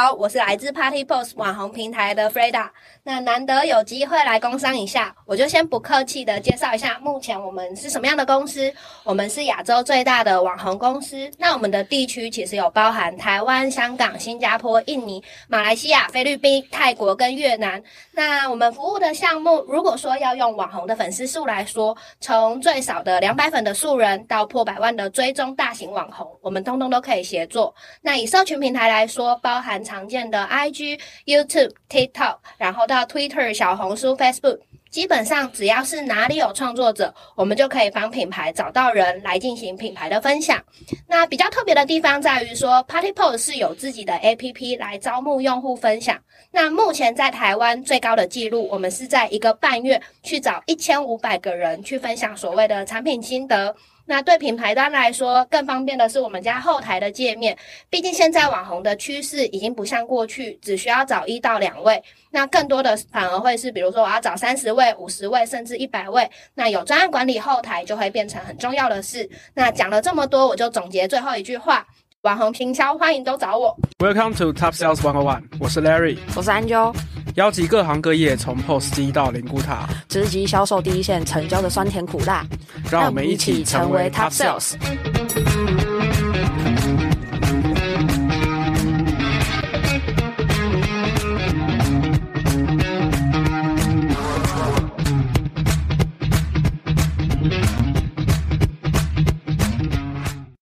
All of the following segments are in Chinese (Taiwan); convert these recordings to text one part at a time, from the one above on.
好，我是來自 Partipost 網紅平台的 Freda。那難得有機會來工商一下，我就先不客氣的介紹一下，目前我們是什麼樣的公司？我們是亞洲最大的網紅公司。那我們的地區其實有包含台灣、香港、新加坡、印尼、馬來西亞、菲律賓、泰國跟越南。那我們服務的項目，如果說要用網紅的粉絲數來說，從最少的兩百粉的素人到破百萬的追蹤大型網紅，我們通通都可以協作。那以社群平台來說，包含常見的 IG、YouTube、TikTok，然後到 Twitter、小紅書、Facebook，基本上只要是哪裡有創作者，我們就可以幫品牌找到人來進行品牌的分享。那比較特別的地方在於說，Partipost 是有自己的 APP 來招募用戶分享。那目前在台灣最高的記錄，我們是在一個半月去找一千五百個人去分享所謂的產品心得。那對品牌端來說，更方便的是我們家後台的界面。畢竟現在網紅的趨勢已經不像過去，只需要找一到兩位，那更多的反而會是，比如說我要找三十位、五十位，甚至一百位。那有專案管理後台就會變成很重要的事。那講了這麼多，我就總結最後一句話：網紅平銷歡迎都找我。Welcome to Top Sales 101，我是 Larry，我是 Angela。邀集各行各業，從 POS 機到靈骨塔，直擊銷售第一線，成交的酸甜苦辣，讓我們一起成為 Top Sales。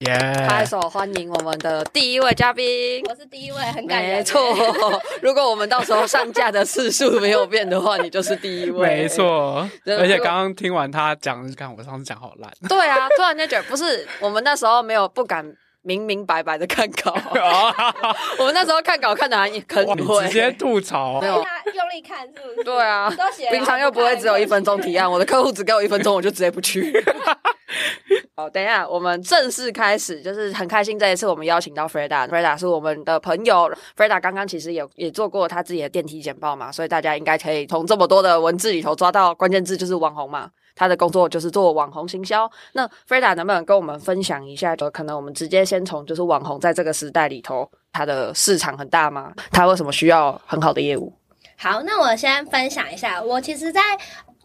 耶，拍手，so, 歡迎我們的第一位嘉賓。我是第一位，很感覺沒錯。如果我們到時候上架的次數沒有變的話， 你就是第一位，沒錯。而且剛剛聽完他講，看我上次講好爛。對啊， 突然間覺得不是我們那時候沒有不敢。明明白白的看稿 我們那時候看稿看的還很不會，直接吐槽。沒有對啊，用力看是不是？對啊，平常又不會只有一分鐘提案， 我的客戶只給我一分鐘，我就直接不去。 好，等一下，我們正式開始，就是很開心這一次我們邀請到 Freda，Freda Freda 是我們的朋友，Freda 剛剛其實也也做過他自己的電梯簡報嘛，所以大家應該可以從這麼多的文字裡頭抓到關鍵字，就是網紅嘛。他的工作就是做網紅行銷。那 Freda 能不能跟我們分享一下？就可能我們直接先從就是網紅在這個時代裡頭，他的市場很大嗎？他為什麼需要很好的業務？好，那我先分享一下。我其實在。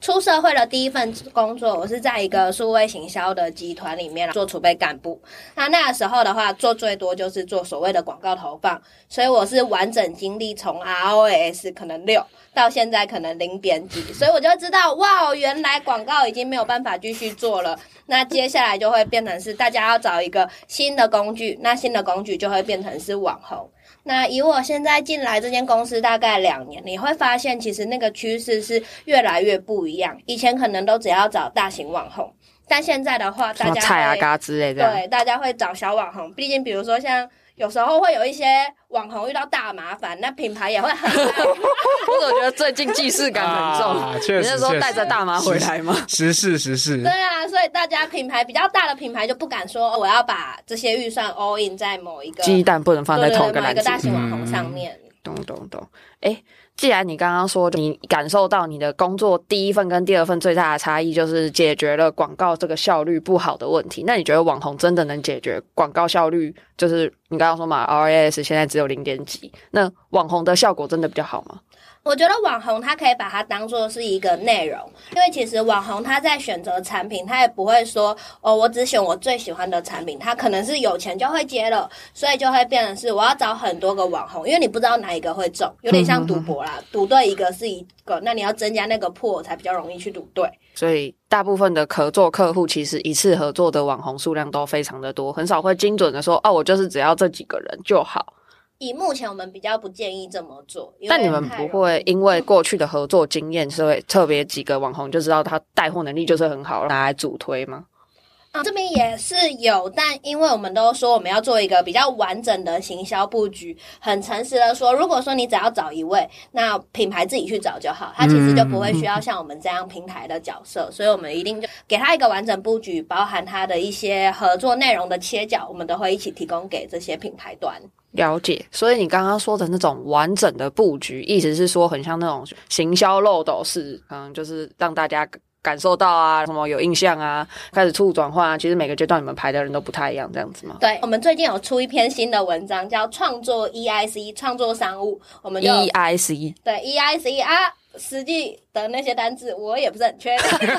出社會的第一份工作，我是在一個數位行銷的集團裡面做儲備幹部。那那個時候的話，做最多就是做所謂的廣告投放，所以我是完整經歷從 ROS 可能六到現在可能零點幾，所以我就知道哇，原來廣告已經沒有辦法繼續做了。那接下來就會變成是大家要找一個新的工具，那新的工具就會變成是網紅。那以我現在進來這間公司大概兩年，你會發現其實那個趨勢是越來越不一樣。以前可能都只要找大型網紅，但現在的話，大家蔡阿嘎之類的，對，大家會找小網紅。畢竟，比如說像。有時候會有一些網紅遇到大麻煩，那品牌也會很很哈哈，是我覺得最近既視感很重，啊，你是說帶着大麻回來嗎？確實確實。對啊，所以大家品牌，比較大的品牌就不敢說我要把這些預算 all in 在某一個。雞蛋不能放在同一個，對對對，某一個大型網紅上面。懂懂懂。哎，既然你剛剛說你感受到你的工作第一份跟第二份最大的差異就是解決了廣告這個效率不好的問題，那你覺得網紅真的能解決廣告效率？就是你剛剛說嘛，RAS 現在只有零點幾，那網紅的效果真的比較好嗎？我覺得網紅他可以把它當做是一個內容，因為其實網紅他在選擇產品，他也不會說哦，我只選我最喜歡的產品，他可能是有錢就會接了，所以就會變成是我要找很多個網紅，因為你不知道哪一個會中，有點像賭博啦， 賭對一個是一。那你要增加那個 pool，才比較容易去賭對。所以大部分的合作客戶其實一次合作的網紅數量都非常的多，很少會精準的說，哦，我就是只要這幾個人就好。以目前我們比較不建議這麼做。但你們不會因為過去的合作經驗、嗯、所以特別幾個網紅就知道他帶貨能力就是很好，拿來主推嗎？啊、嗯，這邊也是有，但因為我們都說我們要做一個比較完整的行銷布局，很誠實的說，如果說你只要找一位，那品牌自己去找就好，它其實就不會需要像我們這樣平台的角色，嗯、所以我們一定就給他一個完整布局，包含他的一些合作內容的切角，我們都會一起提供給這些品牌端。了解，所以你剛剛說的那種完整的布局，意思是說很像那種行銷漏斗式，嗯，就是讓大家。感受到啊，什麼有印象啊，開始促轉換啊，其實每個階段你們排的人都不太一樣，這樣子嗎？對，我們最近有出一篇新的文章叫，叫創作 EIC 創作商務，我們就 EIC 對 EIC 啊。E 實際的那些單字我也不是很確定。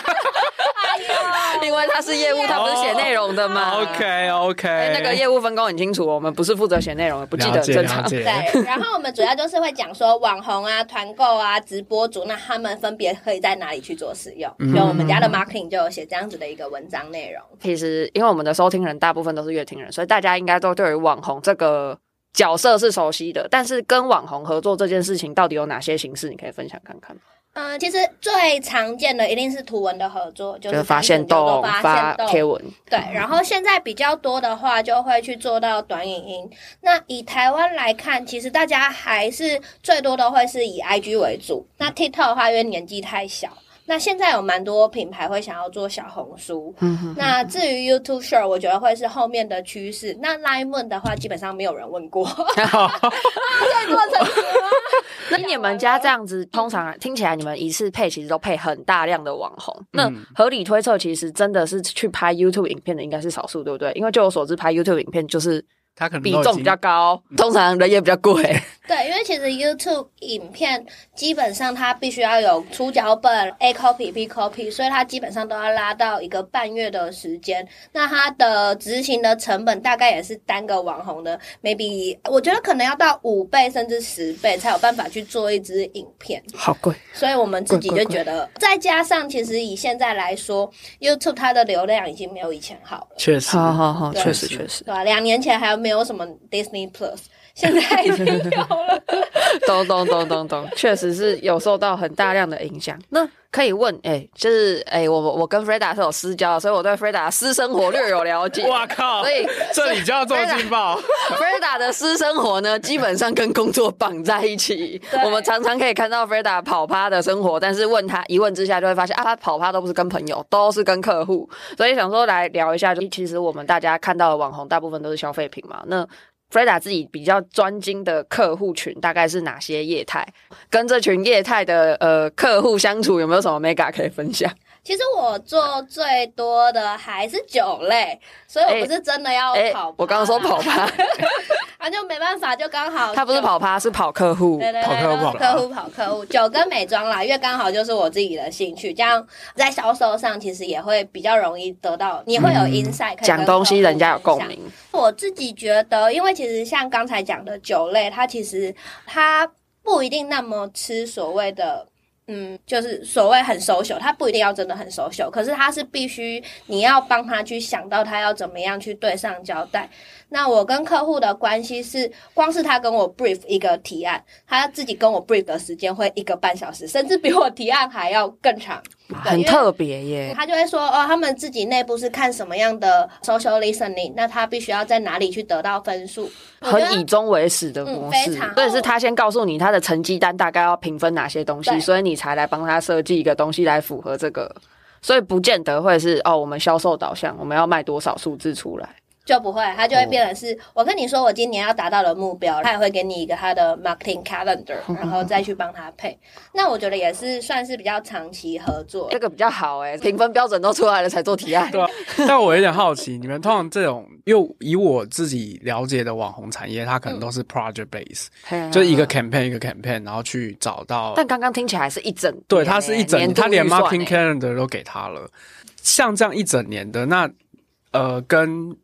另外，他是業務，oh, 他不是寫內容的嗎？OK，OK、okay, okay. 欸。那個業務分工很清楚，我們不是負責寫內容，不記得很正常。對，然後我們主要就是會講說網紅啊、團 購啊、直播主，那他們分別可以在哪裡去做使用。所以 我們家的 marketing 就有寫這樣子的一個文章內容。其實，因為我們的收聽人大部分都是閱聽人，所以大家應該都對於網紅這個。角色是熟悉的，但是跟網紅合作這件事情到底有哪些形式？你可以分享看看嗯、呃，其實最常見的一定是圖文的合作，就是發限動，就是、發貼文。對、嗯，然後現在比較多的話，就會去做到短影音。那以台灣來看，其實大家還是最多的會是以 IG 為主。那 TikTok 的話，因為年紀太小。那現在有蠻多品牌會想要做小紅書。嗯、哼哼，那至於 YouTube Show，我覺得會是後面的趨勢。那 Lemon 的話，基本上沒有人問過。最 多 那你們家這樣子，通常聽起來你們一次配其實都配很大量的網紅。嗯、那合理推測，其實真的是去拍 YouTube 影片的應該是少數，對不對？因為據我所知，拍 YouTube 影片就是它可能比重比較高，通常人也比較貴。嗯 因為其實 YouTube 影片，基本上它必須要有出腳本 A copy B copy，所以它基本上都要拉到一個半月的時間。那它的執行的成本大概也是單個網紅的，maybe 我覺得可能要到五倍甚至十倍才有辦法去做一支影片，好貴。所以我們自己就覺得，貴貴貴，再加上其實以現在來說，YouTube 它的流量已經沒有以前好了。確實，好好好，確實確實。對吧？啊，兩年前還沒有什麼 Disney Plus。 現在已經掉了。咚咚咚咚咚，確實是有受到很大量的影響。那可以問，哎、欸，就是哎、欸，我我跟 Freda 是有私交的，所以我對 Freda 私生活略有了解。哇靠！所以，所以這裡就叫做勁爆。Freda 的私生活呢，基本上跟工作綁在一起。我們常常可以看到 Freda 跑趴的生活，但是問他一問之下就會發現啊，他跑趴都不是跟朋友，都是跟客戶。所以想說來聊一下，就其實，我們大家看到的網紅，大部分都是消費品嘛。那 Freda 自己比較專精的客戶群大概是哪些業態？跟這群業態的呃客戶相處，有沒有什麼眉角可以分享？其實我做最多的還是酒類，欸、所以我不是真的要跑趴、啊欸。我剛剛說跑趴， 啊，就沒辦法，就剛好他不是跑趴，是跑客戶，跑客戶跑，跑客戶，跑客戶。酒跟美妝啦， 因為剛好就是我自己的興趣，這樣在銷售上其實也會比較容易得到，你會有 insight，講、嗯、東西人家有共鳴。我自己覺得，因為其實像剛才講的酒類，它其實它不一定那麼吃所謂的。嗯，就是所謂很熟手，他不一定要真的很熟手，可是他是必須你要幫他去想到他要怎麼樣去對上交代。那我跟客戶的關係是，光是他跟我 brief 一個提案，他自己跟我 brief 的時間會一個半小時，甚至比我提案還要更長。啊、很特別耶！他就會說哦，他們自己內部是看什麼樣的 social listening，那他必須要在哪裡去得到分數，很以終為始的模式。對、嗯，非常，所以是他先告訴你他的成績單大概要評分哪些東西，對。所以你才來幫他設計一個東西來符合這個。所以不見得會是哦，我們銷售導向，我們要賣多少數字出來。就不會，他就會變成是，oh. 我跟你說，我今年要達到的目標，他也會給你一個他的 marketing calendar，然後再去幫他配。 那我覺得也是算是比較長期合作，這個比較好哎，評分標準都出來了才做提案。 對啊，但我有點好奇， 你們通常這種，又以我自己了解的網紅產業，它可能都是 project base， 就是一個 campaign 一個 campaign，然後去找到。 但剛剛聽起來是一整年是一整，對，他是一整，他連 marketing calendar 都給他了， 像這樣一整年的那。呃，跟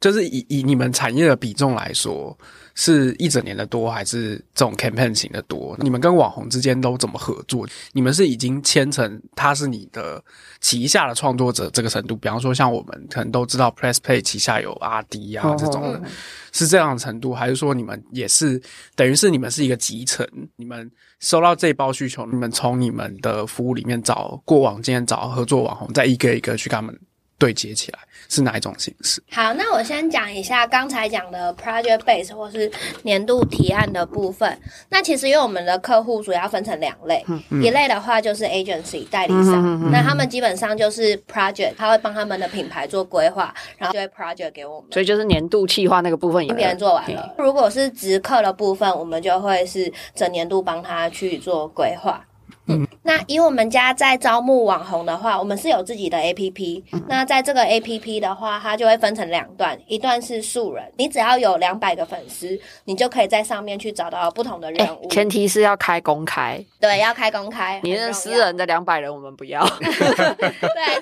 就是以以你們產業的比重來說，是一整年的多還是這種 campaign 型的多？你們跟網紅之間都怎麼合作？你們是已經簽成他是你的旗下的創作者這個程度？比方說像我們可能都知道 Press Play 旗下有阿滴啊這種的，oh. 是這樣的程度，還是說你們也是等於是你們是一個集成？你們收到這一包需求，你們從你們的服務裡面找過往今天找合作網紅，再一個一個去看他們。對接起來是哪一種形式？好，那我先講一下剛才講的 project base 或是年度提案的部分。那其實因為我們的客戶主要分成兩類，嗯、一類的話就是 agency、嗯、代理商、嗯，那他們基本上就是 project，他會幫他們的品牌做規劃，然後就會 project 給我們。所以就是年度計劃那個部分，已經別人做完了。如果是直客的部分，我們就會是整年度幫他去做規劃。嗯，那以我們家在招募網紅的話，我們是有自己的 APP、嗯。那在這個 APP 的話，它就會分成兩段，一段是素人，你只要有兩百個粉絲，你就可以在上面去找到不同的任務、欸。前提是要開公開，對，要開公開。你是私人的兩百人我們不要。 對，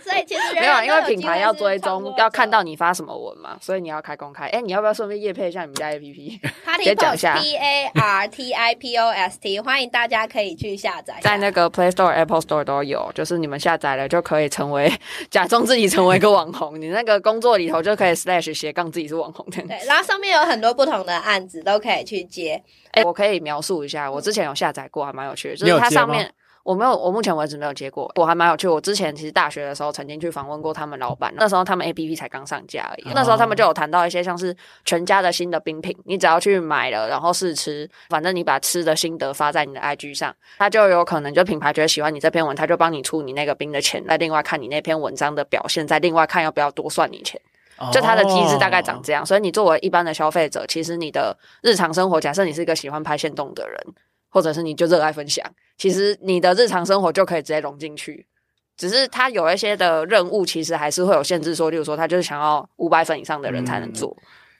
所以其實沒有，因為品牌要追蹤，要看到你發什麼文嘛，所以你要開公開。哎、欸，你要不要順便業配一下你們家 APP？再講一下，P A R T I P O S T，歡迎大家可以去下載，在那個。那個 Play Store、Apple Store 都有，就是你們下載了就可以成為假裝自己成為一個網紅， 你那個工作裡頭就可以 slash 斜槓自己是網紅。對，然後上面有很多不同的案子都可以去接。哎、欸，我可以描述一下，我之前有下載過，嗯、還蠻有趣的，就是它上面。我沒有，我目前為止沒有接過。我還蠻有趣，我之前其實大學的時候曾經去訪問過他們老闆，那時候他們 APP 才剛上架而已。那時候他們就有談到一些像是全家的新的冰品，你只要去買了然後試吃，反正你把吃的心得發在你的 IG 上，他就有可能就品牌覺得喜歡你這篇文，他就幫你出你那個冰的錢，再另外看你那篇文章的表現，再另外看要不要多算你錢，就它的機制大概長這樣。所以你作為一般的消費者，其實你的日常生活，假設你是一個喜歡拍限動的人。或者是你就熱愛分享，其實你的日常生活就可以直接融進去。只是它有一些的任務，其實還是會有限制，說，例如說，它就是想要五百粉以上的人才能做。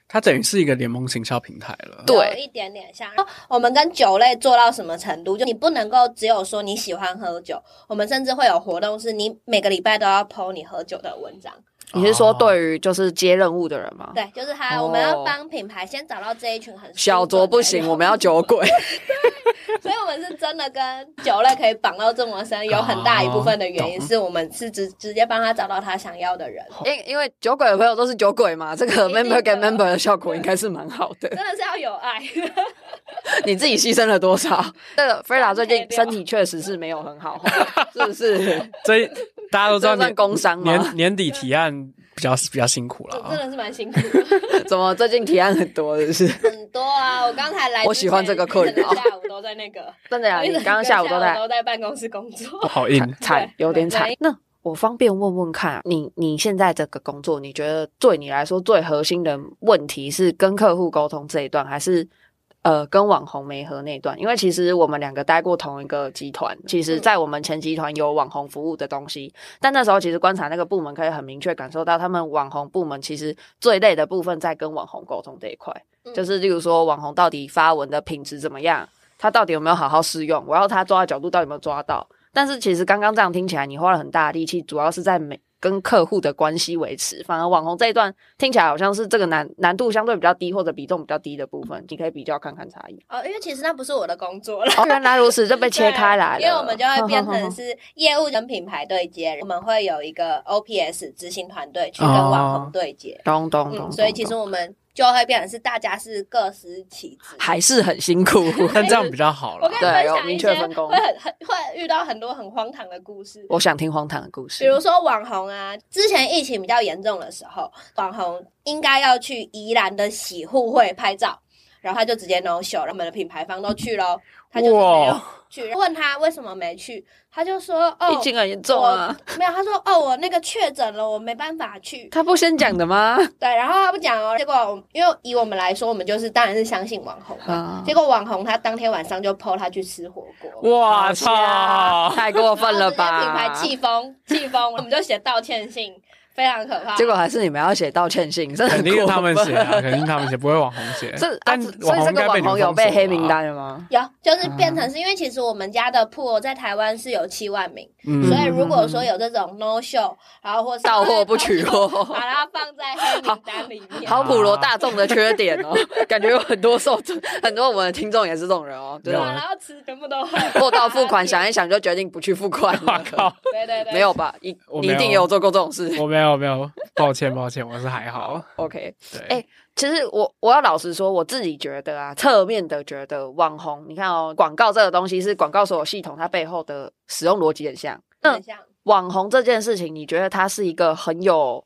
它、嗯、等於是一個聯盟行銷平台了，對，有一點點像。我們跟酒類做到什麼程度，就你不能夠只有說你喜歡喝酒。我們甚至會有活動，是你每個禮拜都要 PO 你喝酒的文章。你是說對於就是接任務的人嗎？Oh, 對，就是他，oh, 我們要幫品牌先找到這一群，很小酌不行，我們要酒鬼 ，所以我們是真的跟酒類可以綁到這麼深，oh, 有很大一部分的原因是我們是直直接幫他找到他想要的人，因因為酒鬼的朋友都是酒鬼嘛，這個 member get member 的效果應該是蠻好的，的，真的是要有愛， 你自己犧牲了多少？這個 Freda 最近身體確實是沒有很好， 是不是？ 所以。大家都知道你算工商，年年底提案比較比較辛苦了，哦，真的是蠻辛苦的。 怎麼最近提案很多的是？是很多啊！我剛才來，我喜歡這個客人，下午都在那個 真的呀，啊，你剛剛下午都在都在辦公室工作，我好硬慘，有點慘。那我方便問問看你，你現在這個工作，你覺得對你來說最核心的問題是跟客戶溝通這一段，還是？呃，跟網紅沒和那段，因為其實我們兩個待過同一個集團。其實，在我們前集團有網紅服務的東西，嗯，但那時候其實觀察那個部門，可以很明確感受到，他們網紅部門其實最累的部分在跟網紅溝通這一塊，嗯，就是例如說網紅到底發文的品質怎麼樣，他到底有沒有好好試用，我要他抓的角度到底有沒有抓到，但是其實剛剛這樣聽起來，你花了很大的力氣，主要是在美。跟客戶的關係維持，反而網紅這一段聽起來好像是這個難難度相對比較低，或者比重比較低的部分，你可以比較看看差異。哦，因為其實那不是我的工作了。原 來、哦啊、如此，就被切開來了。因為我們就會變成是業務跟品牌對接，呵呵呵我們會有一個 OPS 執行團隊去跟網紅對接。哦嗯、咚，咚咚咚。所以其實我們。就會變成是大家是各司其職，還是很辛苦，那 這樣比較好了。對，有明確分工。我跟你們分享一些，會很，很會遇到很多很荒唐的故事。我想聽荒唐的故事，比如說網紅啊，之前疫情比較嚴重的時候，網紅應該要去宜蘭的洗護會拍照。然後他就直接 no show，然後我們的品牌方都去咯，他就是沒有去。問他為什麼沒去，他就說：“哦，疫情很嚴重啊。哦”沒有，他說：“哦，我那個確診了，我沒辦法去。”他不先講的嗎？對，然後他不講哦，結果因為以我們來說，我們就是當然是相信網紅啊、哦。結果網紅他當天晚上就 PO 他去吃火鍋，哇操，太過分了吧！品牌氣瘋，氣瘋， 我們就寫道歉信。非常可怕、啊，結果還是你們要寫道歉信，這肯定他們寫，肯定他們寫、啊， 不會網紅寫。這，但、啊、所以這個網紅有被黑名單了嗎？啊、有，就是變成是因為其實我們家的 pool 在台灣是有七萬名、嗯，所以如果說有這種 no show，然、嗯、後、啊嗯、或是到貨不取貨， 把它放在黑名單裡面。好，好普羅大眾的缺點哦，啊啊 感覺有很多受眾，很多我們的聽眾也是這種人哦，對、就、啊、是，然後吃全部都貨 到付款， 想一想就決定不去付款。哇靠，對對對，沒有吧？一你一定有做過這種事，我沒有。 沒有沒有，抱歉抱歉，我是還好。OK，對，哎、欸，其實我我要老實說，我自己覺得啊，側面的覺得網紅，你看哦，廣告這個東西是廣告所有系統它背後的使用邏輯很像。嗯，網紅這件事情，你覺得它是一個很有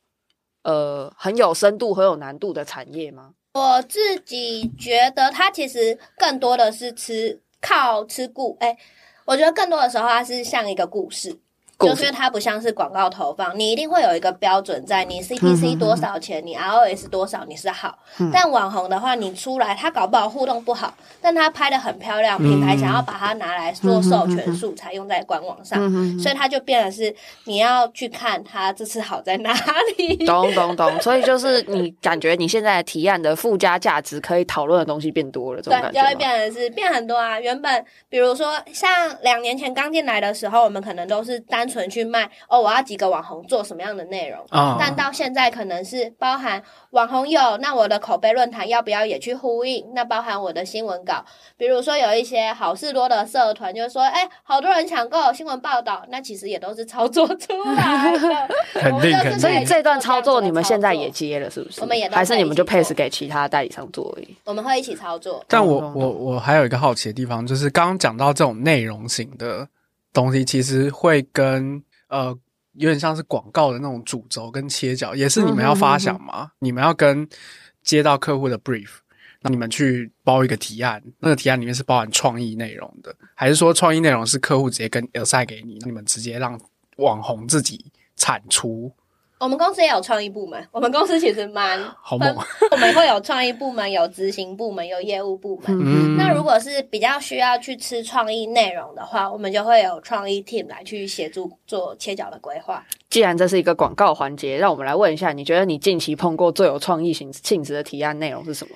呃很有深度、很有難度的產業嗎？我自己覺得它其實更多的是吃靠吃顧，哎、欸，我覺得更多的時候它是像一個故事。就是它不像是廣告投放，你一定會有一個標準在，你 CPC 多少錢，嗯嗯、你 ROS 多少，你是好、嗯。但網紅的話，你出來他搞不好互動不好，但他拍得很漂亮，品牌想要把它拿來做授權素材用在官網上，嗯嗯嗯嗯嗯嗯嗯、所以它就變得是你要去看他這次好在哪裡。懂懂懂，所以就是你感覺你現在提案的附加價值可以討論的東西變多了，對，就會變成是變很多啊。原本比如說像兩年前剛進來的時候，我們可能都是單。存去賣哦，我要幾個網紅做什麼樣的內容、哦啊？但到現在可能是包含網紅有，那我的口碑論壇要不要也去呼應？那包含我的新聞稿，比如說有一些好事多的社團，就是說，哎、欸，好多人搶購新聞報道，那其實也都是操作出來的。肯定，所 以這段操作你們現在也接了，是不是？我們也還是你們就配置給其他代理商做而已。我們會一起操作。但我嗯嗯嗯我我還有一個好奇的地方，就是剛剛講到這種內容型的。東西其實會跟，呃，有點像是廣告的那種主軸跟切角，也是你們要發想嘛， 你們要跟接到客戶的 brief，那你們去包一個提案，那個提案裡面是包含創意內容的，還是說創意內容是客戶直接跟 el e 給你，你們直接讓網紅自己產出？我們公司也有創意部門，我們公司其實蠻， 我們會有創意部門、有執行部門、有業務部門。 那如果是比較需要去吃創意內容的話，我們就會有創意 team 來去協助做切角的規劃。既然這是一個廣告環節，讓我們來問一下，你覺得你近期碰過最有創意性性質的提案內容是什麼？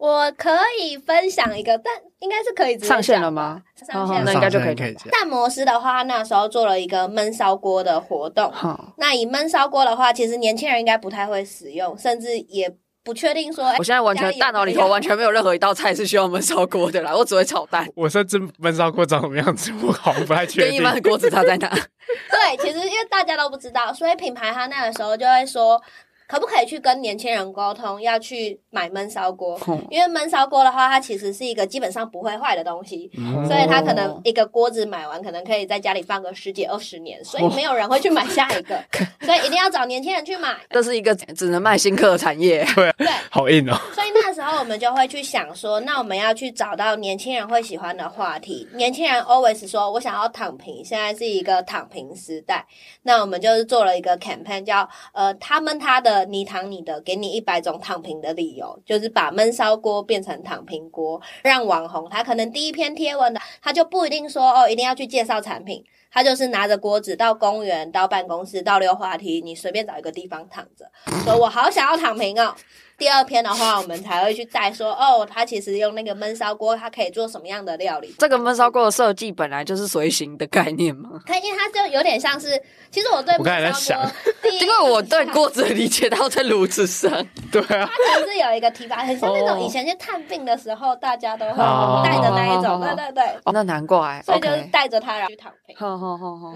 我可以分享一個，但應該是可以直接上線了嗎？上線那應該就可以可以。蛋模式的話，那時候做了一個燜燒鍋的活動。嗯、那以燜燒鍋的話，其實年輕人應該不太會使用，甚至也不確定說。我現在完全大腦裡頭完全沒有任何一道菜是需要燜燒鍋的啦， 我只會炒蛋。我甚至燜燒鍋長什麼樣子不好，我好不太確定。一般的鍋子差在哪？對，其實因為大家都不知道，所以品牌他那個時候就會說。可不可以去跟年輕人溝通？要去買燜燒鍋，因為燜燒鍋的話，它其實是一個基本上不會壞的東西，嗯、所以它可能一個鍋子買完，可能可以在家裡放個十幾二十年，所以沒有人會去買下一個，哦、 所以一定要找年輕人去買，這是一個只能賣新客的產業，對，好硬哦。所以那時候我們就會去想說，那我們要去找到年輕人會喜歡的話題。年輕人 always 說，我想要躺平，現在是一個躺平時代。那我們就是做了一個 campaign，叫呃，他們他的。你躺你的，給你一百種躺平的理由，就是把悶燒鍋變成躺平鍋，讓網紅他可能第一篇貼文的他就不一定說哦，一定要去介紹產品，他就是拿着鍋子到公園、到辦公室、到溜滑梯，你隨便找一個地方躺着，說我好想要躺平哦。第二篇的話，我們才會去帶說哦，他其實用那個悶燒鍋，他可以做什麼樣的料理？這個悶燒鍋的設計本來就是隨行的概念嘛，它因為它就有點像是，其實我對燜燒鍋，第一，我在想 因為我對鍋子理解到在爐子上，對啊。它就是有一個提把，很像那種以前去探病的時候，大家都會帶着那一種， 對對對、哦。那難怪，所以就帶着它然後躺平。好好好好。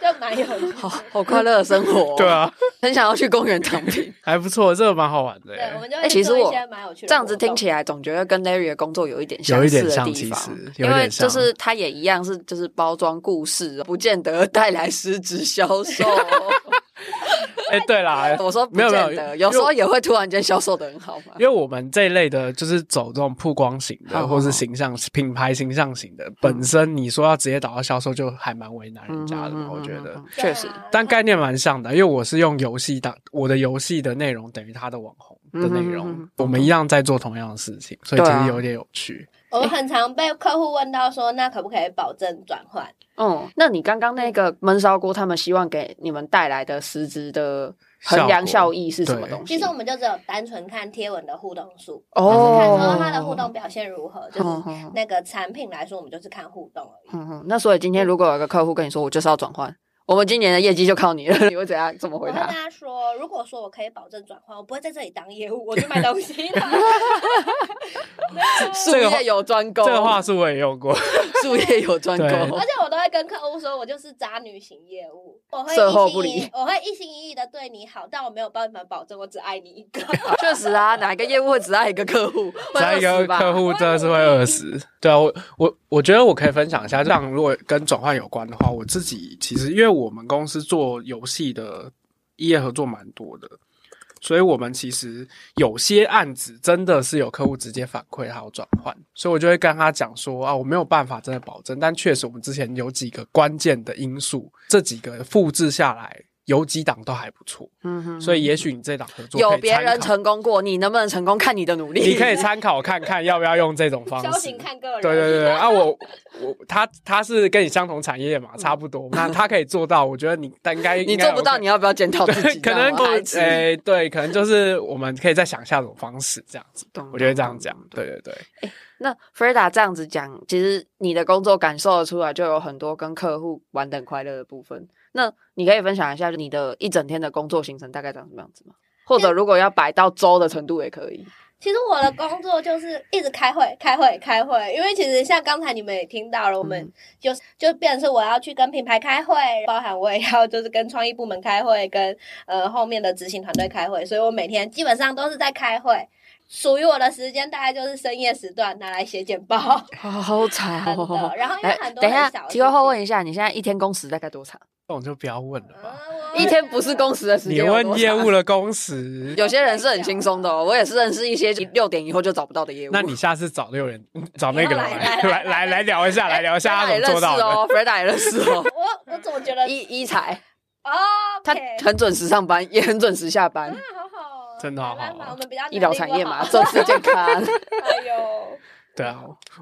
就蠻有好好快樂的生活哦， 對啊，很想要去公園躺平， 還不錯，這個蠻好玩的。對，我們就、欸、其實我這樣子聽起來，總覺得跟 Larry 的工作有一點相似的地方，有一點像，其實，有一點像，其實，因為就是他也一樣是就是包裝故事，不見得帶來實質銷售。 哎、欸，對啦，我說沒有沒有的，有時候也會突然間銷售得很好嘛。因為我們這一類的就是走這種曝光型的，嗯、或者是形象、嗯、品牌形象型的、嗯，本身你說要直接導到銷售，就還蠻為難人家的嘛、嗯。我覺得確實、嗯嗯嗯嗯嗯，但概念蠻像的，因為我是用遊戲打、嗯，我的遊戲的內容、嗯、等於他的網紅的內容、嗯，我們一樣在做同樣的事情，嗯、所以其實有點有趣。我們很常被客戶問到說，那可不可以保證轉換？嗯，那你剛剛那個悶燒鍋，他們希望給你們帶來的實質的衡量效益是什麼東西？其實我們就只有單純看貼文的互動數，哦、就是看說它的互動表現如何、哦。就是那個產品來說，我們就是看互動而已。嗯哼、嗯，那所以今天如果有一個客戶跟你說，我就是要轉換。我們今年的業績就靠你了，你會怎樣怎麼回答？我跟大家說，如果說我可以保證轉換，我不會在這裡當業務，我就賣東西。哈哈哈，術業有專攻，這個話術、這個、我也用過。術 業有專攻，而且我都會跟客戶說，我就是渣女型業務，我會一心一，售後不理，我會一心一意的對你好，但我沒有辦法保證我只愛你一個。確 實啊，哪個業務會只愛一個客戶？只愛一個客戶 真的是會餓死。 對啊，我我我覺得我可以分享一下，這樣如果跟轉換有關的話，我自己其實因為。我們公司做遊戲的異業合作蠻多的，所以我們其實有些案子真的是有客戶直接反饋還有轉換，所以我就會跟他講說啊，我沒有辦法真的保證，但確實我們之前有幾個關鍵的因素，這幾個複製下來。游擊檔都還不錯，嗯哼嗯，所以也許你這檔合作可以有別人成功過，你能不能成功看你的努力。你可以參考看看，要不要用這種方式。修 行看個人。對對對，啊我， 我我他他是跟你相同產業嘛，差不多，那、嗯、他可以做到， 我覺得你但該應該。你做不到，你要不要檢討自己？ 可能哎，誒、 欸，對，可能就是我們可以再想下種方式，這樣子。 我覺得這樣講，對對對。哎、欸，那 Freda 這樣子講，其實你的工作感受得出來，就有很多跟客戶玩得快樂的部分。那你可以分享一下你的一整天的工作行程大概長什麼樣子嗎？或者如果要擺到週的程度也可以。其實我的工作就是一直開會、開會、開會，因為其實像剛才你們也聽到了，我們就是嗯、就變成是我要去跟品牌開會，包含我也要就是跟創意部門開會，跟呃後面的執行團隊開會，所以我每天基本上都是在開會。屬於我的時間大概就是深夜時段拿來寫簡報，好慘哦。然後因為很多很，等一下，提問後問一下，你現在一天工時大概多長？這種 就不要問了吧。一天不是工時的時間，你問業務的工時。有些人是很輕鬆的、哦，我也是認識一些六點以後就找不到的業務。那你下次找六點、嗯、找那個來來來，來，來，來 聊一下，來聊一下、欸、他怎麼做到的哦。Freda 也認識哦。也認識哦 我我怎麼覺得醫醫材啊？Oh, okay. 他很準時上班，也很準時下班。嗯、好好、啊，真的好、啊、好。我們比較、啊、醫療產業嘛，重視健康。 哎呦。對啊，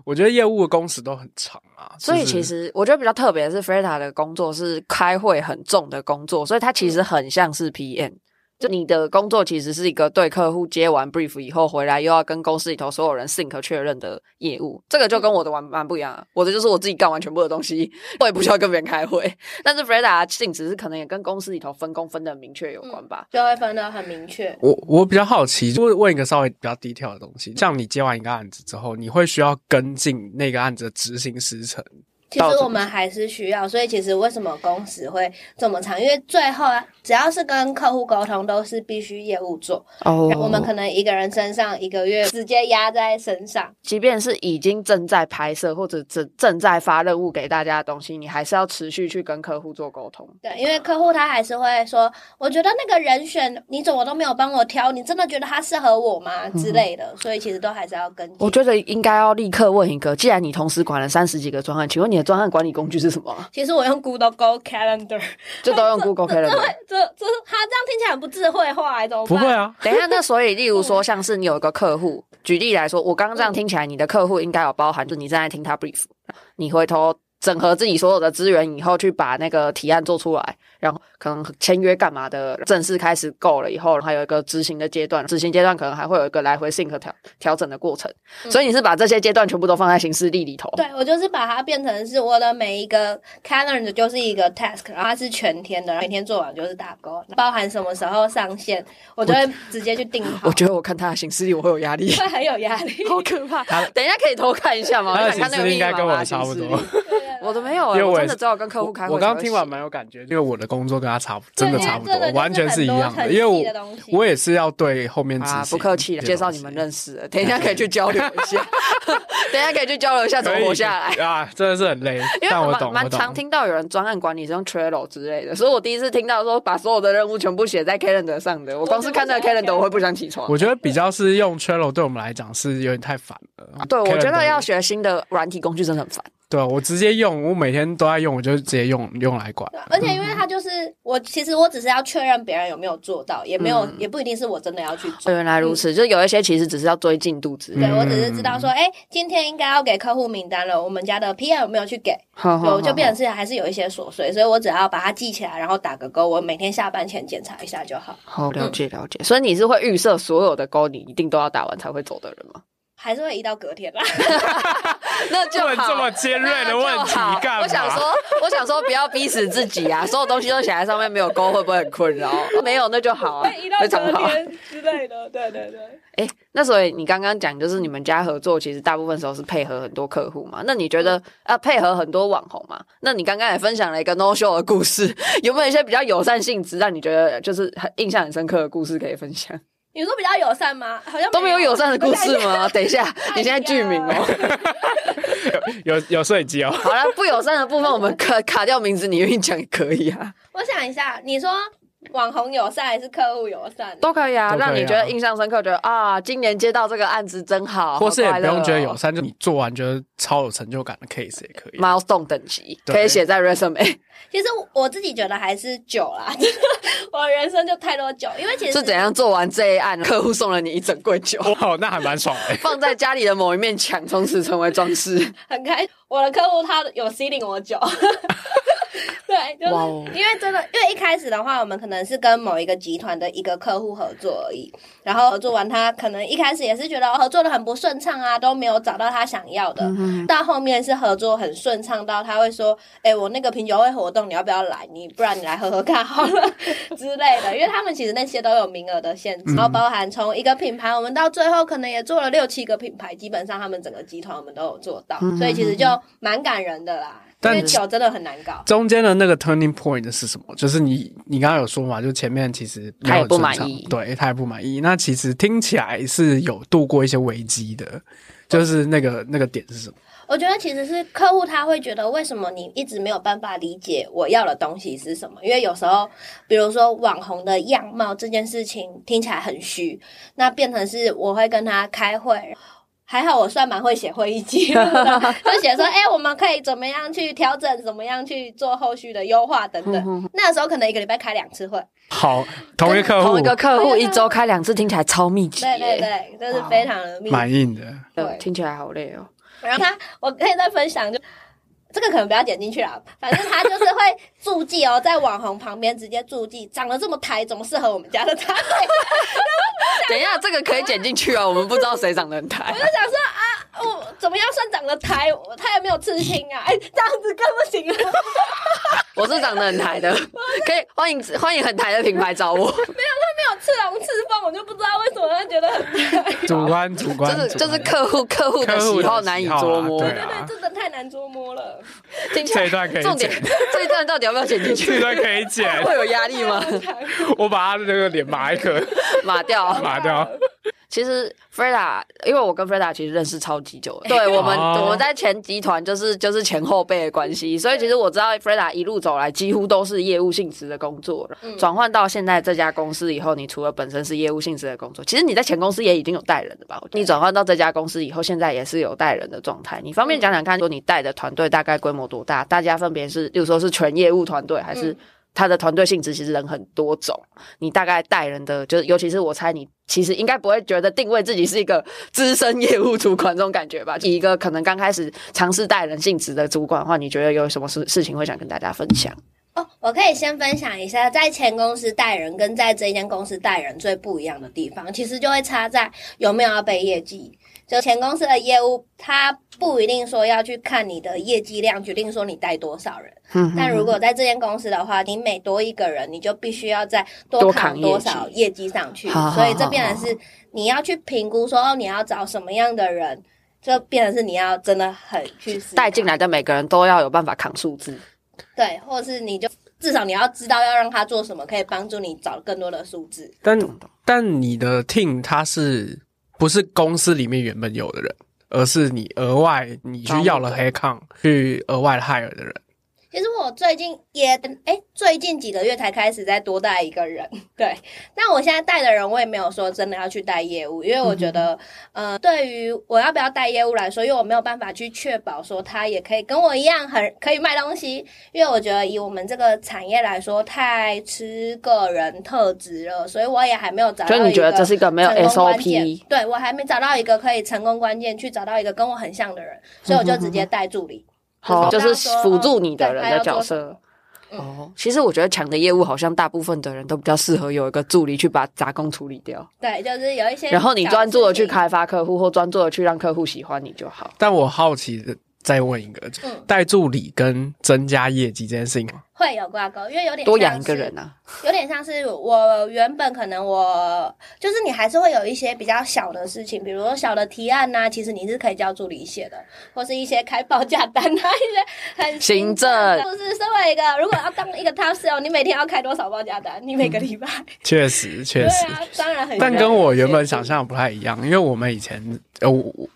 我覺得業務的工時都很長啊，所以其實我覺得比較特別的是 Freda 的工作是開會很重的工作，所以它其實很像是 PM。就你的工作其實是一個對客戶接完 brief 以後回來又要跟公司裡頭所有人 sync 確認的業務，這個就跟我的玩蠻不一樣。我的就是我自己幹完全部的東西，我也不需要跟別人開會。但是 Freda 的性質是可能也跟公司裡頭分工分得很明確有關吧，嗯、就會分的很明確。我我比較好奇，就問一個稍微比較 detail 的東西，像你接完一個案子之後，你會需要跟進那個案子的執行時程？其實我們還是需要，所以其實為什麼工時會這麼長？因為最後啊，只要是跟客戶溝通，都是必須業務做。哦、oh，我們可能一個人身上一個月直接壓在身上。即便是已經正在拍攝或者正正在發任務給大家的東西，你還是要持續去跟客戶做溝通。對，因為客戶他還是會說：“我覺得那個人選，你怎麼都沒有幫我挑？你真的覺得他適合我嗎？”之類的。所以其實都還是要跟。我覺得應該要立刻問一個：既然你同時管了三十幾個專案，請問你的專案管理工具是什麼啊？其實我用 Google Calendar， 就都用 Google Calendar 這。這、這是他這，這，這樣聽起來很不智慧的話，怎麼辦？不會啊，等一下那所以，例如說，像是你有一個客戶， 嗯、舉例來說，我剛剛這樣聽起來，你的客戶應該有包含，就是你正在聽他 brief，、嗯、你回頭整合自己所有的資源以後，去把那個提案做出來。可能簽約幹嘛的正式開始夠了以後，還有一個執行的階段，執行階段可能還會有一個來回 sync 和調調整的過程，嗯。所以你是把這些階段全部都放在行事歷裡頭？對，我就是把它變成是我的每一個 calendar 就是一個 task，然後它是全天的，然後每天做完就是打勾，包含什麼時候上線，我就會直接去定。我，我覺得我看他的行事曆，我會有壓力，會很有壓力， 好可怕。等一下可以偷看一下嗎？他的行事應該跟我的差不多。 我都沒有、欸，因為我我真的只好跟客戶開會。我剛聽完蠻有感覺，因為我的工作跟他差不多，真的差不多，完全是一樣的。的因為我我也是要對後面自啊不客氣的介紹你們認識了，okay. 等一下可以去交流一下， 等一下可以去交流一下怎麼活下來啊，真的是很累。因為但我懂，蠻常聽到有人專案管理是用 Trello 之類的，所以我第一次聽到說把所有的任務全部寫在 Calendar 上的，我光是看到 Calendar 我會不想，我不想起床。我覺得比較是用 Trello 對我們來講是有點太煩了。對，啊、對，我覺得要學新的軟體工具真的很煩。對、啊，我直接用，我每天都在用，我就直接用用來管。而且因為它就是、嗯、我，其實我只是要確認別人有沒有做到，也沒有，嗯、也不一定是我真的要去做。原來如此、嗯，就有一些其實只是要追進度之類的。對，我只是知道說，哎、嗯欸，今天應該要給客戶名單了，我們家的 PM 有沒有去給？好，就變成是還是有一些瑣碎，所以我只要把它記起來，然後打個勾，我每天下班前檢查一下就好。好，了解了解、嗯。所以你是會預設所有的勾，你一定都要打完才會走的人嗎？還是會移到隔天啦、啊， 那就好。問這麼尖銳的問題幹嘛？我想說，我想說，不要逼死自己啊！ 所有東西都寫在上面，沒有勾，會不會很困擾？沒有，那就好啊，非常好。會移到隔天之類的，對對對。哎、欸，那所以你剛剛講，就是你們家合作，其實大部分時候是配合很多客戶嘛？那你覺得、嗯，啊，配合很多網紅嘛？那你剛剛也分享了一個 No Show 的故事，有沒有一些比較友善性質，讓你覺得就是很印象很深刻的故事可以分享？你說比較友善嗎？好像沒有，都沒有友善的故事嗎？一等一下， 你現在劇名哦， 有有有攝影機哦。好了，不友善的部分我們可卡， 卡掉名字，你願意講也可以啊。我想一下，你說。網紅友善還是客戶友善都可以啊，讓你覺得印象深刻，啊、覺得啊，今年接到這個案子真好，或是也不用覺得友善，就、哦、你做完覺得超有成就感的 case 也可以。milestone 等級可以寫在 resume。其實我自己覺得還是酒啦， 我人生就太多酒，因為其實是怎樣做完這一案，客戶送了你一整櫃酒，哇、哦，那還蠻爽的、欸， 放在家裡的某一面牆，從此成為裝飾。 很開心，我的客戶他有吸引我的酒。 對，就是、wow. 因為真的，因為一開始的話，我們可能是跟某一個集團的一個客戶合作而已，然後合作完他，他可能一開始也是覺得、哦、合作的很不順暢啊，都沒有找到他想要的。嗯、mm -hmm.，到後面是合作很順暢，到他會說：“哎、欸，我那個品酒會活動，你要不要來？你不然你來喝喝看，好 了 之類的。”因為他們其實那些都有名額的限制，mm -hmm. 然後包含從一個品牌，我們到最後可能也做了六七個品牌，基本上他們整個集團我們都有做到，mm -hmm. 所以其實就蠻感人的啦。但是因為酒真的很難搞。中間的那個 turning point 是什麼？就是你，你剛剛有說嘛，就前面其實他也不滿意，對他也不滿意。那其實聽起來是有度過一些危機的，就是那個那個點是什麼？我覺得其實是客戶他會覺得為什麼你一直沒有辦法理解我要的東西是什麼？因為有時候，比如說網紅的樣貌這件事情聽起來很虛，那變成是我會跟他開會。還好我算蠻會寫會議記錄，會寫說，哎、欸，我們可以怎麼樣去調整，怎麼樣去做後續的優化等等。 那時候可能一個禮拜開兩次會，好，同一客戶，同一個客戶一周開兩次，聽起來超密集。對對對，這是非常的密，蠻、wow, 硬的。對，聽起來好累哦。然後他，我可以再分享就。這個可能不要剪進去啦，反正他就是會註記哦，在網紅旁邊直接註記，長得這麼台，怎麼適合我們家的戰 等一下，這個可以剪進去啊， 我們不知道誰長得很台、啊，我就想說啊。哦，怎麼樣算長得台？他有沒有刺青啊？哎、欸，這樣子更不行了。 我是長得很台的，可以歡迎歡迎很台的品牌找我。沒有，他沒有刺龍刺鳳，我就不知道為什麼他覺得很主觀主觀，就是，就是客戶，客戶的喜好難以捉摸，對，啊、對對對，真的太難捉摸了。這一段可以剪重點，這一段到底要不要剪進去？這一段可以剪， 以剪 會有壓力嗎？ 我把他的那個臉碼一個，碼掉，碼掉。其實 Freda 因為我跟 Freda 其實認識超級久，對。我們、oh. 我們在前集團就是就是前後輩的關係，所以其實我知道 Freda 一路走來幾乎都是業務性質的工作，轉、嗯、換到現在這家公司以後，你除了本身是業務性質的工作，其實你在前公司也已經有帶人的吧？你轉換到這家公司以後，現在也是有帶人的狀態，你方便講講看，說你帶的團隊大概規模多大？大家分別是，比如說是全業務團隊還是？他的團隊性質其實人很多種，你大概帶人的就是，尤其是我猜你其實應該不會覺得定位自己是一個資深業務主管這種感覺吧？一個可能剛開始嘗試帶人性質的主管的話，你覺得有什麼事事情會想跟大家分享？哦，我可以先分享一下在前公司帶人跟在這間公司帶人最不一樣的地方，其實就會差在有沒有要背業績。就前公司的業務，他不一定說要去看你的業績量，決定說你帶多少人。嗯哼哼，但如果在這間公司的話，你每多一個人，你就必須要再多扛多少業績上去，多扛業績。所以這變成是你要去評估說好好好好，哦，你要找什麼樣的人，就變成是你要真的很去帶進來的每個人都要有辦法扛數字，對，或者是你就至少你要知道要讓他做什麼，可以幫助你找更多的數字。但但你的 team 他是。不是公司裡面原本有的人，而是你額外你去要了黑抗，去額外 hire 的人。其實我最近也哎、欸，最近幾個月才開始再多帶一個人。對，那我現在帶的人，我也沒有說真的要去帶業務，因為我覺得、嗯，呃，對於我要不要帶業務來說，因為我沒有辦法去確保說他也可以跟我一樣很可以賣東西。因為我覺得以我們這個產業來說，太吃個人特質了，所以我也還沒有找到一個成功關鍵。就你覺得這是一個沒有 SOP？對，我還沒找到一個可以成功關鍵去找到一個跟我很像的人，所以我就直接帶助理。嗯哼哼。哦，就是輔助你的人的角色。哦，其實我覺得搶的業務好像大部分的人都比較適合有一個助理去把雜工處理掉。對，就是有一些。然後你專注的去開發客戶，或專注的去讓客戶喜歡你就好。但我好奇的。再問一個、嗯，帶助理跟增加業績這件事情會有掛鈎，因為有點像是多養一個人啊，有點像是我原本可能我就是你還是會有一些比較小的事情，比如說小的提案吶、啊，其實你是可以叫助理寫的，或是一些開報價單啊一些很行政，不、就是身為一個如果要當一個 top sales， 你每天要開多少報價單？你每個禮拜、嗯、確實確實 當然很但跟我原本想象不太一樣，因為我們以前呃我。哦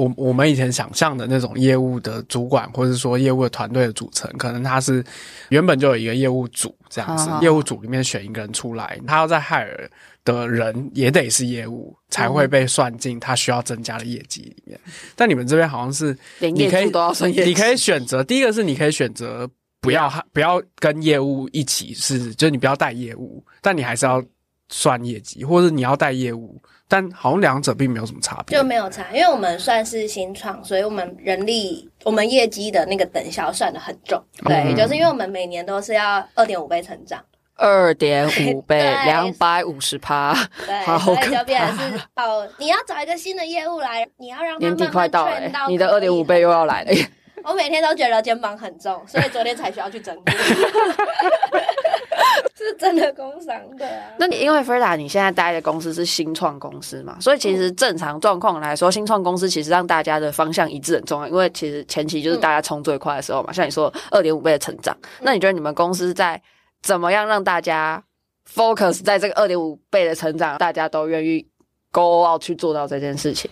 我我們以前想像的那種業務的主管，或是說業務的團隊的組成，可能他是原本就有一個業務組這樣子好好好，業務組裡面選一個人出來，他要在 hire 的人也得是業務才會被算進他需要增加的業績裡面。嗯、但你們這邊好像是， 你可以你可以選擇，第一個是你可以選擇不要 不要跟業務一起是，就是你不要帶業務，但你還是要。算業績，或是你要帶業務，但好像兩者並沒有什麼差別，就沒有差，因為我們算是新創，所以我們人力我們業績的那個等效算得很重，對、嗯，就是因為我們每年都是要二點五倍成長，二點五倍，兩百五十趴，對，對、好可怕、所以就變、哦、你要找一個新的業務來，你要讓他們，年底快到了，欸。你的二點五倍又要來了，欸。我每天都覺得肩膀很重，所以昨天才需要去整理。 是真的工傷對啊？那你因為 Freda 你現在待的公司是新創公司嘛？所以其實正常狀況來說、嗯，新創公司其實讓大家的方向一致很重要。因為其實前期就是大家衝最快的時候嘛。嗯、像你說二點五倍的成長，那你覺得你們公司在怎麼樣讓大家 focus 在這個二點五倍的成長？大家都願意 go out 去做到這件事情？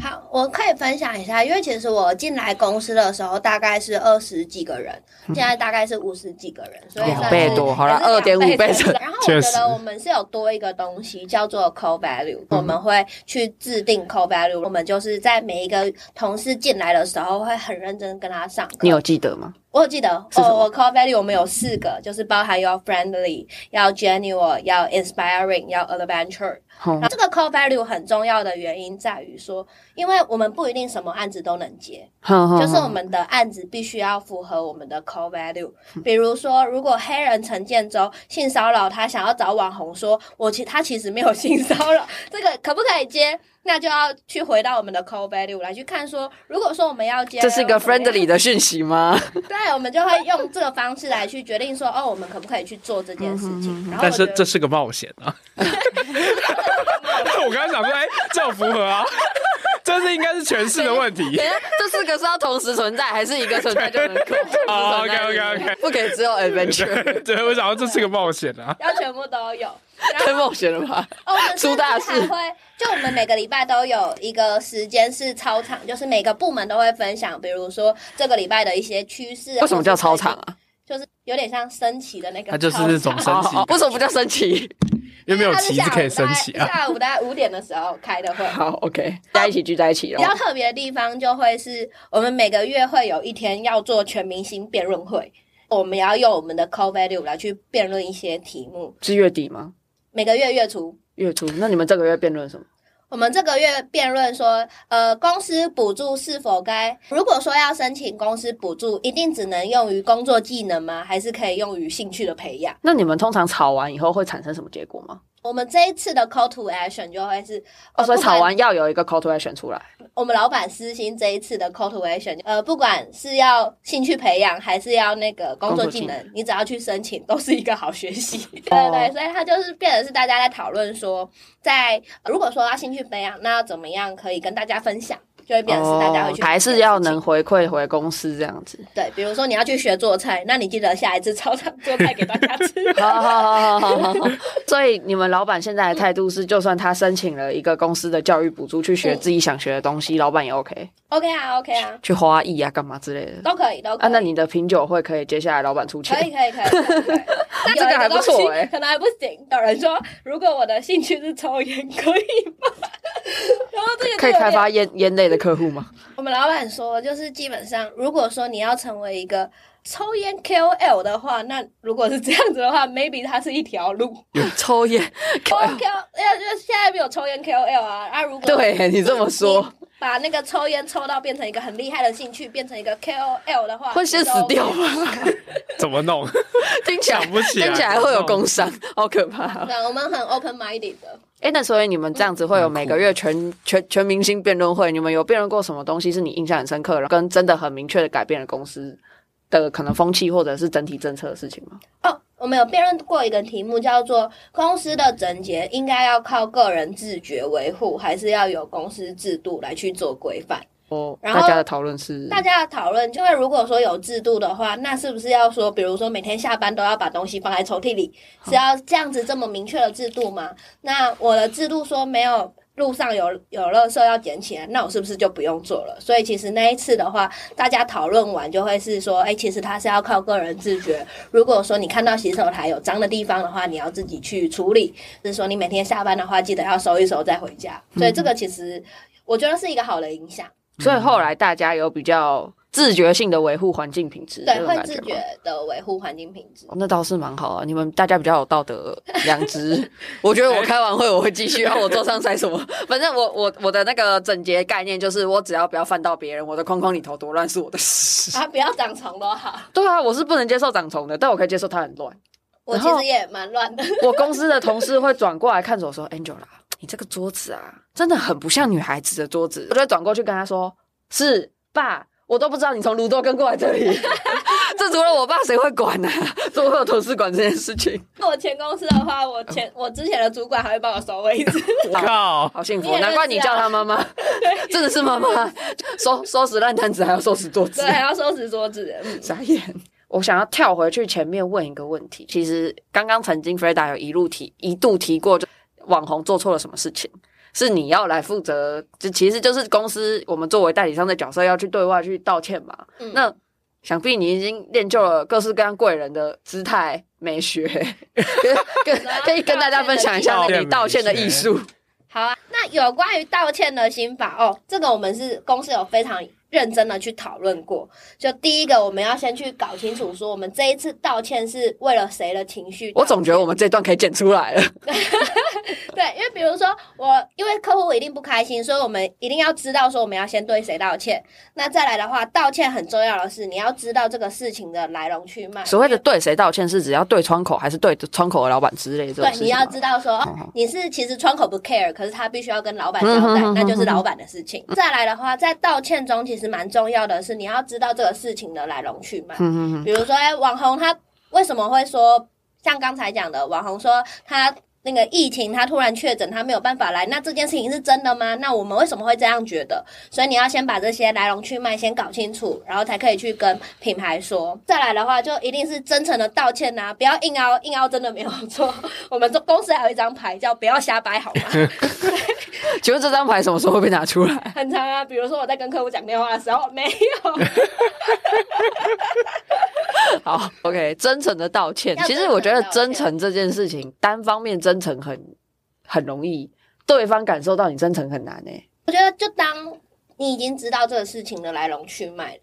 好，我可以分享一下，因為其實我進來公司的時候大概是二十幾個人，嗯、現在大概是五十幾個人，所以兩、欸、倍多，好了，五倍，倍然後我覺得我們是有多一個東西叫做 c a l l Value，、嗯、我們會去制定 c a l l Value，我們就是在每一個同事進來的時候會很認真跟他上課。你有記得嗎？我記得，哦、我 call value 我們有四個，就是包含要 friendly、要 genuine、要 inspiring、要 adventure。好、嗯，這個 call value 很重要的原因在於說，因為我們不一定什麼案子都能接，嗯、就是我們的案子必須要符合我們的 call value。嗯、比如說，如果黑人陳建州性騷擾，他想要找網紅說，我其他其實沒有性騷擾， 這個可不可以接？那就要去回到我們的 core value 來去看說，如果說我們要接，這是一個 friendly 的訊息嗎？對，我們就會用這個方式來去決定說，哦，我們可不可以去做這件事情 嗯哼嗯哼？但是這是個冒險啊！ 我剛才想說，哎、欸，這樣符合啊。 這是應該是詮釋的問題 。這四個是要同時存在，還是一個存在就能？好、 oh, OK，OK，OK，okay, okay,、okay. 不可以只有 adventure 對。對，我想到這是個冒險啊！要全部都有，然太冒險了吧？哦，們大事會， 就我們每個禮拜都有一個時間是操場， 就是每個部門都會分享，比如說這個禮拜的一些趨勢。為什麼叫操場、啊？就是有點像升旗的那個，它就是那種升旗、哦哦。為什麼不叫升旗？就沒有旗子可以升起啊！下午大概五 點的時候開的會， 好 OK，好在一起聚在一起。比較特別的地方就會是我們每個月會有一天要做全明星辯論會，我們也要用我們的 core value 來去辯論一些題目。是月底嗎？每個月月初，月初。那你們這個月辯論什麼？我們這個月辯論說，呃，公司補助是否該？如果說要申請公司補助，一定只能用於工作技能嗎？還是可以用於興趣的培養？那你們通常吵完以後會產生什麼結果嗎？我們這一次的 call to action 就會是，呃、哦，所以吵完要有一個 call to action 出來。我們老闆私心這一次的 call to action，呃，不管是要興趣培養，還是要那個工作，工作技能，你只要去申請，都是一個好學習。哦、 對、對對，所以他就是變得是大家在討論說，在、呃、如果說要興趣培養，那要怎麼樣可以跟大家分享？是哦、還是要能回饋回公司這樣子。對，比如說你要去學做菜，那你記得下一次炒菜做菜給大家吃。 好，好，好好好， 所以你們老板現在的態度是，就算他申請了一個公司的教育補助去學自己想學的東西，嗯、老板也 OK。OK 啊，OK 啊，去，去花藝啊，幹嘛之類的都可以。都可以。啊，那你的品酒會可以，接下來老板出錢。可以可以可以，可以，可以，可以 那。這個還不錯哎，欸，可能還不行。有人說，如果我的興趣是抽菸，可以嗎？ 哦這個、可以開發煙煙類的客戶嗎？我們老闆說，就是基本上，如果說你要成為一個抽煙 K O L 的話，那如果是這樣子的話，maybe 它是一條路。抽煙 K O L，哎就現在沒有抽煙 K O L 啊。啊，如果對你這麼說，把那個抽煙抽到變成一個很厲害的興趣，變成一個 K O L 的話，會先死掉嗎 ？怎麼弄？聽起來聽起來會有工傷，好可怕、啊。我們很 open minded 的。誒，那所以你們這樣子會有每個月全、嗯、全、全、全明星辯論會？你們有辯論過什麼東西是你印象很深刻的，然後跟真的很明確的改變了公司的可能風氣或者是整體政策的事情嗎？哦，我們有辯論過一個題目，叫做“公司的整潔應該要靠個人自覺維護，還是要有公司制度來去做規範？”哦，然後大家的討論是，大家的討論，就會如果說有制度的話，那是不是要說，比如說每天下班都要把東西放在抽屜裡，是要這樣子這麼明確的制度嗎？那我的制度說沒有路上有有垃圾要撿起來，那我是不是就不用做了？所以其實那一次的話，大家討論完就會是說，哎，其實它是要靠個人自覺。如果說你看到洗手台有髒的地方的話，你要自己去處理，就是說你每天下班的話，記得要收一收再回家。所以這個其實、嗯、我覺得是一個好的影響。所以後來大家有比較自覺性的維護環境品質、嗯這個，對，會自覺的維護環境品質，那倒是蠻好啊。你們大家比較有道德良知， 我覺得我開完會我會繼續。 我桌上塞什麼？反正我我我的那個整潔概念就是，我只要不要犯到別人我的框框裡頭多亂是我的事。啊，不要長蟲都好。 對啊，我是不能接受長蟲的，但我可以接受它很亂。我其實也蠻亂的。我公司的同事會轉過來看着我說，Angela。你這個桌子啊，真的很不像女孩子的桌子。我就轉過去跟他說：“是爸，我都不知道你從蘆洲跟過來這裡。 這除了我爸誰會管呢？啊？怎麼會有同事管這件事情？那我前公司的話，我前我之前的主管還會幫我收桌子。我 靠，好幸福，難怪你叫他媽媽，真的是媽媽。收收拾爛攤子，還要收拾桌子，對，還要收拾桌子。傻 眼！我想要跳回去前面問一個問題。其實剛剛曾經 Freda 有一路提一度提過就。網紅做錯了什麼事情，是你要來負責？就其實就是公司我們作為代理商的角色要去對外去道歉嘛、嗯。那想必你已經練就了各式各樣貴人的姿態美學，跟、嗯、 可以跟大家分享一下你道歉的藝術。好啊，那有關於道歉的心法哦，這個我們是公司有非常。認真的去討論過，就第一個，我們要先去搞清楚，說我們這一次道歉是為了誰的情緒。我總覺得我們這段可以剪出來了。 對，因為比如說我，因為客戶一定不開心，所以我們一定要知道說我們要先對誰道歉。那再來的話，道歉很重要的是你要知道這個事情的來龍去脈。所謂的對誰道歉，是只要對窗口還是對窗口的老闆之類的？對，你要知道說、哦、你是其實窗口不 care，可是他必須要跟老闆交代，嗯哼嗯哼。那就是老闆的事情、嗯。再來的話，在道歉中其實。其實蠻重要的，是你要知道這個事情的來龍去脈。比如說，哎、欸，網紅他為什麼會說，像剛才講的，網紅說他那個疫情他突然確診，他沒有辦法來，那這件事情是真的嗎？那我們為什麼會這樣覺得？所以你要先把這些來龍去脈先搞清楚，然後才可以去跟品牌說。再來的話，就一定是真誠的道歉吶、啊，不要硬凹硬凹，真的沒有錯。我們公司還有一張牌叫“不要瞎掰”，好嗎？ 請問這張牌什麼時候會被拿出來？很常啊，比如說我在跟客戶講電話的時候沒有。 好，OK，真誠的，的道歉。其實我覺得真誠這件事情，嗯、單方面真誠很很容易，對方感受到你真誠很難呢、欸。我覺得，就當你已經知道這個事情的來龍去脈了。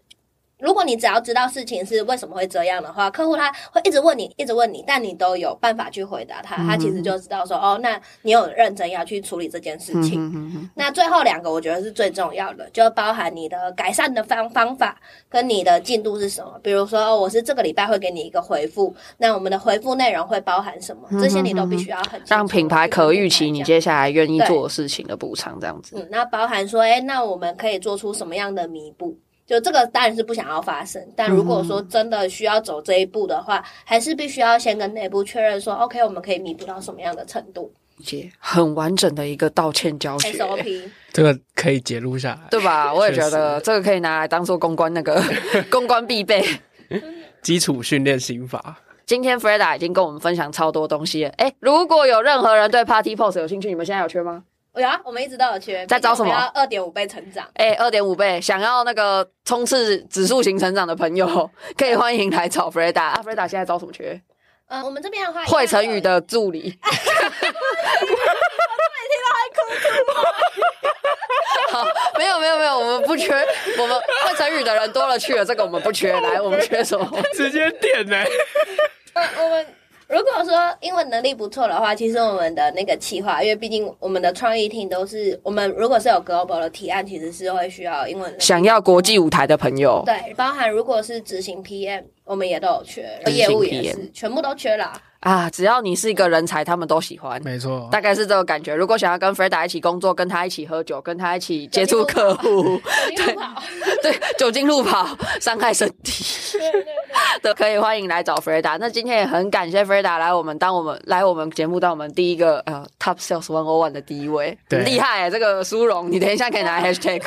如果你只要知道事情是為什麼會這樣的話，客戶他會一直問你，一直問你，但你都有辦法去回答他，嗯、他其實就知道說哦，那你有認真要去處理這件事情。嗯、那最後兩個我覺得是最重要的，就包含你的改善的方方法跟你的進度是什麼。比如說，哦、我是這個禮拜會給你一個回復，那我們的回復內容會包含什麼？這些你都必須要很、嗯、讓品牌可預期，你接下來願意做事情的補償這樣子、嗯。那包含說，誒、欸，那我們可以做出什麼樣的彌補？就這個當然是不想要發生，但如果說真的需要走這一步的話，嗯、還是必須要先跟內部確認說，OK，我們可以彌補到什麼樣的程度？姐、yeah,，很完整的一個道歉交接，SOP，這個可以截錄下來，對吧？我也覺得這個可以拿來當做公關那個公關必備 基礎訓練心法。 今天 Freda 已經跟我們分享超多東西了，哎、欸，如果有任何人對 Partipost 有興趣，你們現在有缺嗎？有啊，我們一直都有缺。在招什麼？二點五倍成長。哎、欸，二點五倍，想要那個衝刺指數型成長的朋友，可以歡迎來找 Freda，啊啊啊，Freda 現在招什麼缺？呃，我們這邊的話，會成語的助理。哈哈哈哈哈哈。我每天都還哭哭。 好，沒有沒有沒有，我們不缺，我們會成語的人多了去了，這個我們不缺。來，我們缺什麼？ 直接點電來 呃。我們。如果說英文能力不錯的話，其實我們的那個企劃，因為畢竟我們的創意廳都是我們，如果是有 global 的提案，其實是會需要英文能力。想要國際舞台的朋友，對，包含如果是執行 PM。我們也都有缺，而業務也是，全部都缺啦。啊，只要你是一個人才，他們都喜歡，沒錯，大概是這個感覺。如果想要跟 Freda 一起工作，跟他一起喝酒，跟他一起接觸客戶，對對，酒精路跑，傷害身體。都可以歡迎來找 Freda。那今天也很感謝 Freda 來我們，當我們來我們節目，當我們第一個呃 Top Sales 101的第一位，厲害、欸，這個殊榮，你等一下可以拿 Hashtag。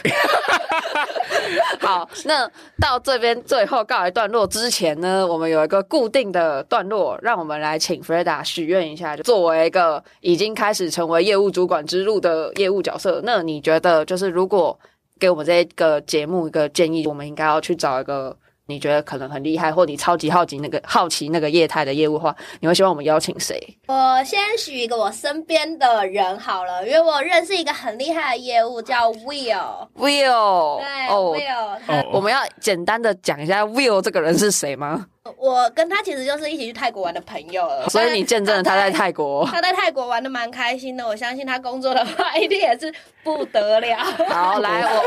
好，那到這邊最後告一段落之前。那，我們有一個固定的段落，讓我們來請 Freda 許願一下，就作為一個已經開始成為業務主管之路的業務角色，那你覺得，就是如果給我們這個節目一個建議，我們應該要去找一個。你覺得可能很厲害，或你超級好奇那個好奇那個業態的業務的話，你會希望我們邀請誰？我先許一個我身邊的人好了，因為我認識一個很厲害的業務叫 Will。Will，對哦，Will，哦。我們要簡單的講一下 Will 這個人是誰嗎？我跟他其實就是一起去泰國玩的朋友，所以你見證了他在泰國，他在，他在泰國玩的蠻開心的。我相信他工作的話，一定也是不得了。 好，來我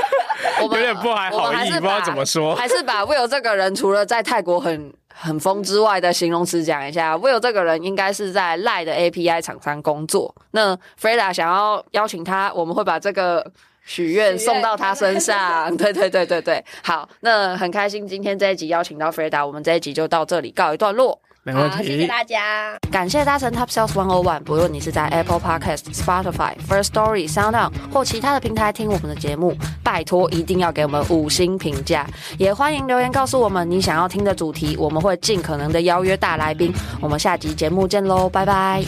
我們有點不還好意思不知道怎麼說？還是把 Will 這個人除了在泰國很很瘋之外的形容詞講一下。 Will 這個人應該是在 Line 的 API 廠商工作。那 Freda 想要邀請他，我們會把這個。許願送到他身上，對對對對對，對，好，那很開心，今天這一集邀請到 Freda，我們這一集就到這裡告一段落，沒問題，謝謝大家，感謝搭乘 Top Sales One o One，不論你是在 Apple Podcast、Spotify、Firstory、Sound On 或其他的平台聽我們的節目，拜托一定要給我們五星評價，也歡迎留言告訴我們你想要聽的主題，我們會盡可能的邀約大來賓，我們下集節目見嘍，拜拜。